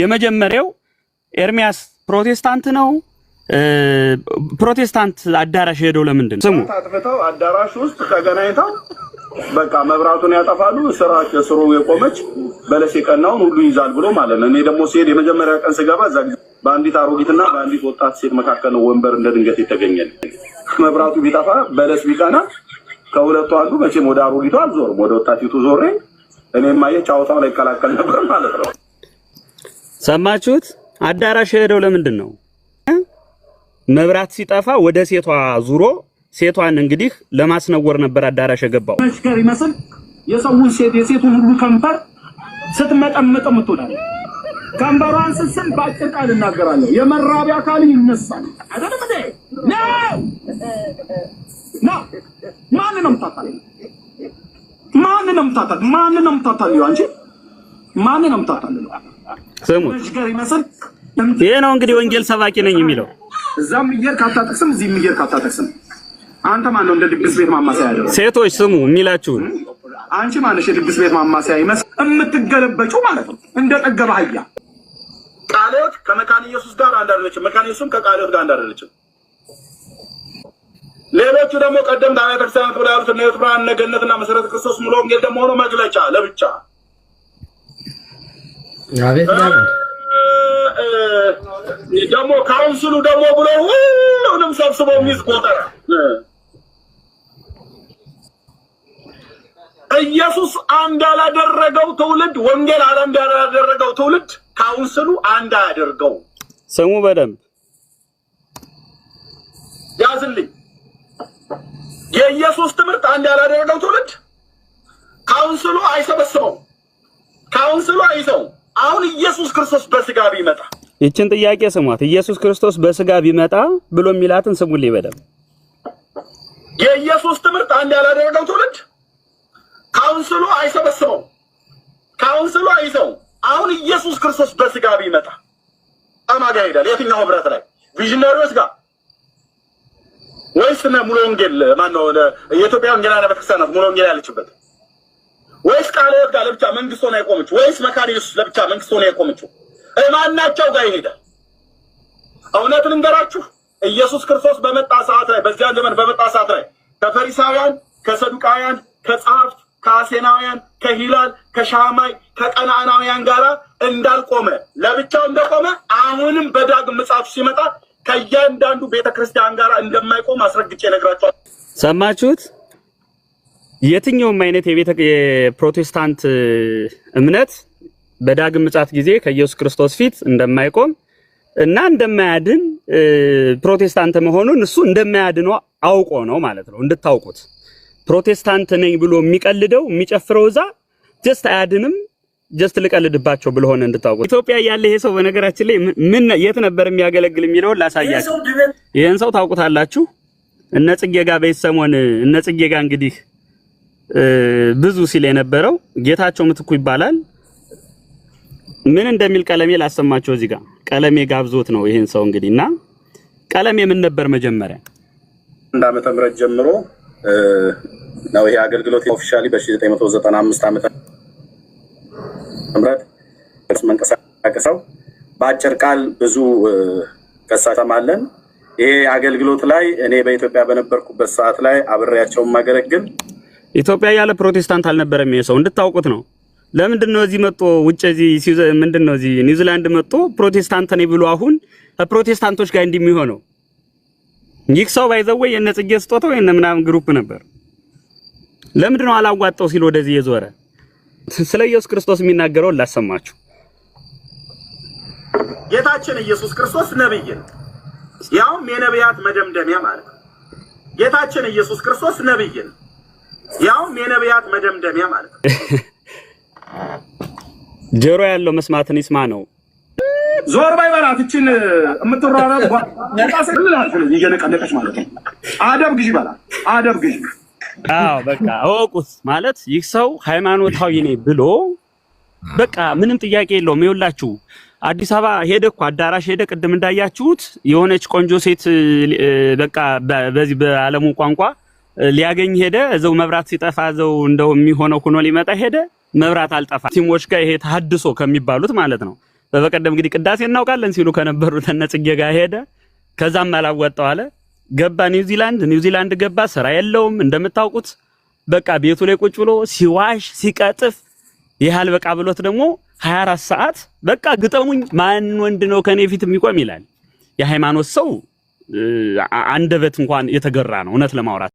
የመጀመሪያው ኤርሚያስ ፕሮቴስታንት ነው። ፕሮቴስታንት አዳራሽ ሄደው ለምንድን ነው ስሙ አጥፍተው አዳራሽ ውስጥ ተገናኝተው በቃ መብራቱን ያጠፋሉ። ስራ ስሩ የቆመች በለስ የቀናውን ሁሉ ይዛል ብሎ ማለት ነው። እኔ ደግሞ ሲሄድ የመጀመሪያ ቀን ስገባ እዛ ጊዜ በአንዲት አሮጊትና በአንዲት ወጣት ሴት መካከል ነው ወንበር እንደ ድንገት የተገኘል። መብራቱ ቢጠፋ በለስ ቢቀና ከሁለቱ አንዱ መቼም ወደ አሮጊቷ አልዞርም፣ ወደ ወጣቲቱ ዞሬ እኔም አየህ ጫወታው ላይ ይቀላቀል ነበር ማለት ነው። ሰማችሁት? አዳራሽ የሄደው ለምንድን ነው? መብራት ሲጠፋ ወደ ሴቷ ዙሮ ሴቷን እንግዲህ ለማስነወር ነበር አዳራሽ የገባው። መሽከር ይመስል የሰውን ሴት የሴቱን ሁሉ ከንፈር ስትመጠምጥ ምትሆናል። ከንፈሯን ስስም በአጭር ቃል እናገራለሁ፣ የመራቢያ አካል ይነሳል። አይደለም እንዴ ና። ማንን ነው የምታታል? ማንን ነው የምታታል? ማንን ነው የምታታል? አንቺ ማንን ነው የምታታል? ስሙ። ይሄ ነው እንግዲህ ወንጌል ሰባኪ ነኝ የሚለው። እዛም ይየር ካታጠቅስም እዚህም አንተ ማን ነው እንደ ድግስ ቤት ማማሰያ ሴቶች ስሙ የሚላችሁን። አንቺ ማነሽ የድግስ ቤት ማማሰያ ይመስል የምትገለበጩ ማለት ነው እንደ ጠገበ አህያ። ቃልዮት ከመካን ኢየሱስ ጋር አንድ አይደለችም። መካን ኢየሱስም ከቃልዮት ጋር አንድ አይደለችም። ሌሎቹ ደግሞ ቀደምት አብያተ ክርስቲያናት ብላ ያሉት እነ ብርሃን እነ መሰረተ ክርስቶስ ሙሉ ወንጌል ደግሞ ሆኖ መግለጫ ለብቻ ደግሞ ካውንስሉ ደግሞ ብሎ ሁሉንም ሰብስበው ሚዝ ቆጠረ። ኢየሱስ አንድ ያላደረገው ትውልድ ወንጌል አለ አንድ ያላደረገው ትውልድ ካውንስሉ አንድ አያደርገው። ስሙ በደንብ ያዝልኝ። የኢየሱስ ትምህርት አንድ ያላደረገው ትውልድ ካውንስሉ አይሰበስበው፣ ካውንስሉ አይሰው። አሁን ኢየሱስ ክርስቶስ በስጋ ቢመጣ ይችን ጥያቄ ስሟት። ኢየሱስ ክርስቶስ በስጋ ቢመጣ ብሎ የሚላትን ስሙ ሊበደም የኢየሱስ ትምህርት አንድ ያላደረገው ትውልድ ካውንስሉ አይሰበስበው፣ ካውንስሉ አይዘው። አሁን ኢየሱስ ክርስቶስ በስጋ ቢመጣ አማጋ ይሄዳል። የትኛው ህብረት ላይ ቪዥነሪዎች ጋር ወይስ ሙሉ ወንጌል ማነው? የኢትዮጵያ ወንጌላውያን ቤተክርስቲያናት ሙሉ ወንጌል ያለችበት ከካህናት ጋር ለብቻ መንግስት ሆና የቆመችው ወይስ መካነ ኢየሱስ ለብቻ መንግስት ሆና የቆመችው እማናቸው ጋር ይሄዳል? እውነት ልንገራችሁ፣ ኢየሱስ ክርስቶስ በመጣ ሰዓት ላይ በዚያን ዘመን በመጣ ሰዓት ላይ ከፈሪሳውያን፣ ከሰዱቃውያን፣ ከጸሐፍት፣ ከአሴናውያን፣ ከሂላል፣ ከሻማይ፣ ከቀናናውያን ጋር እንዳልቆመ ለብቻው እንደቆመ አሁንም በዳግም ምጽአቱ ሲመጣ ከእያንዳንዱ ቤተክርስቲያን ጋር እንደማይቆም አስረግጬ ነግራቸዋል። ሰማችሁት? የትኛውም አይነት የፕሮቴስታንት እምነት በዳግም ምጻት ጊዜ ከኢየሱስ ክርስቶስ ፊት እንደማይቆም እና እንደማያድን ፕሮቴስታንት መሆኑን እሱ እንደማያድን አውቆ ነው ማለት ነው። እንድታውቁት ፕሮቴስታንት ነኝ ብሎ የሚቀልደው የሚጨፍረው እዛ ጀስት አያድንም ጀስት ልቀልድባቸው ብለሆነ እንድታውቁት። ኢትዮጵያ ያለ ይሄ ሰው በነገራችን ላይ ምን የት ነበር የሚያገለግል የሚለውን ላሳያችሁ። ይህን ሰው ታውቁታላችሁ። እነ ጽጌ ጋ ሰሞን እነ ጽጌ ጋ እንግዲህ ብዙ ሲል የነበረው ጌታቸው ምትኩ ይባላል። ምን እንደሚል ቀለሜ ላሰማቸው። እዚህ ጋር ቀለሜ ጋብዞት ነው ይሄን ሰው እንግዲህ እና ቀለሜ ምን ነበር መጀመሪያ አንድ ዓመተ ምህረት ጀምሮ ነው ይሄ አገልግሎት ኦፊሻሊ በ1995 ዓመተ ምህረት መንቀሳቀሰው በአጭር ቃል ብዙ አለን። ይሄ አገልግሎት ላይ እኔ በኢትዮጵያ በነበርኩበት ሰዓት ላይ አብሬያቸውን ማገለግል ኢትዮጵያ ያለ ፕሮቴስታንት አልነበረም። ይሄ ሰው እንድታውቁት ነው። ለምንድን ነው እዚህ መጥቶ ውጭ እዚህ ምንድን ነው እዚህ ኒውዚላንድ መጥቶ ፕሮቴስታንት ነኝ ብሎ አሁን ከፕሮቴስታንቶች ጋር እንደሚሆነው ይህ ሰው ባይዘወይ የነ ጽጌ ስጦታው የነ ምናምን ግሩፕ ነበር። ለምንድን ነው አላዋጣው ሲል ወደዚህ የዞረ? ስለ ኢየሱስ ክርስቶስ የሚናገረውን ላሰማችሁ። ጌታችን ኢየሱስ ክርስቶስ ነብይ ነው። ያውም የነቢያት መደምደሚያ ማለት ነው። ጌታችን ኢየሱስ ክርስቶስ ነብይ ነው። ያውም የነቢያት መደምደሚያ ማለት ነው። ጆሮ ያለው መስማትን ይስማ ነው። ዞር ባይ በላት እችን የምትራራብ እየነቀነቀች ማለት ነው። አደብ ግዢ በላት፣ አደብ ግዢ። አዎ በቃ እወቁት ማለት ይህ ሰው ሃይማኖታዊ ነኝ ብሎ በቃ ምንም ጥያቄ የለውም። ይኸውላችሁ አዲስ አበባ ሄደ እኮ አዳራሽ ሄደ። ቅድም እንዳያችሁት የሆነች ቆንጆ ሴት በቃ በዚህ በዓለሙ ቋንቋ ሊያገኝ ሄደ። እዘው መብራት ሲጠፋ እዘው እንደው የሚሆነው ሆኖ ሊመጣ ሄደ። መብራት አልጠፋ ሲሞች ጋር ይሄ ተሐድሶ ከሚባሉት ማለት ነው። በበቀደም እንግዲህ ቅዳሴ እናውቃለን ሲሉ ከነበሩት እነ ጽጌ ጋር ሄደ። ከዛም አላወጣው አለ ገባ ኒውዚላንድ። ኒውዚላንድ ገባ፣ ስራ የለውም እንደምታውቁት። በቃ ቤቱ ላይ ቁጭ ብሎ ሲዋሽ ሲቀጥፍ ይሃል በቃ ብሎት ደግሞ 24 ሰዓት በቃ ግጠሙኝ፣ ማን ወንድ ነው ከኔ ፊት የሚቆም ይላል። የሃይማኖት ሰው አንደበት እንኳን የተገራ ነው እውነት ለማውራት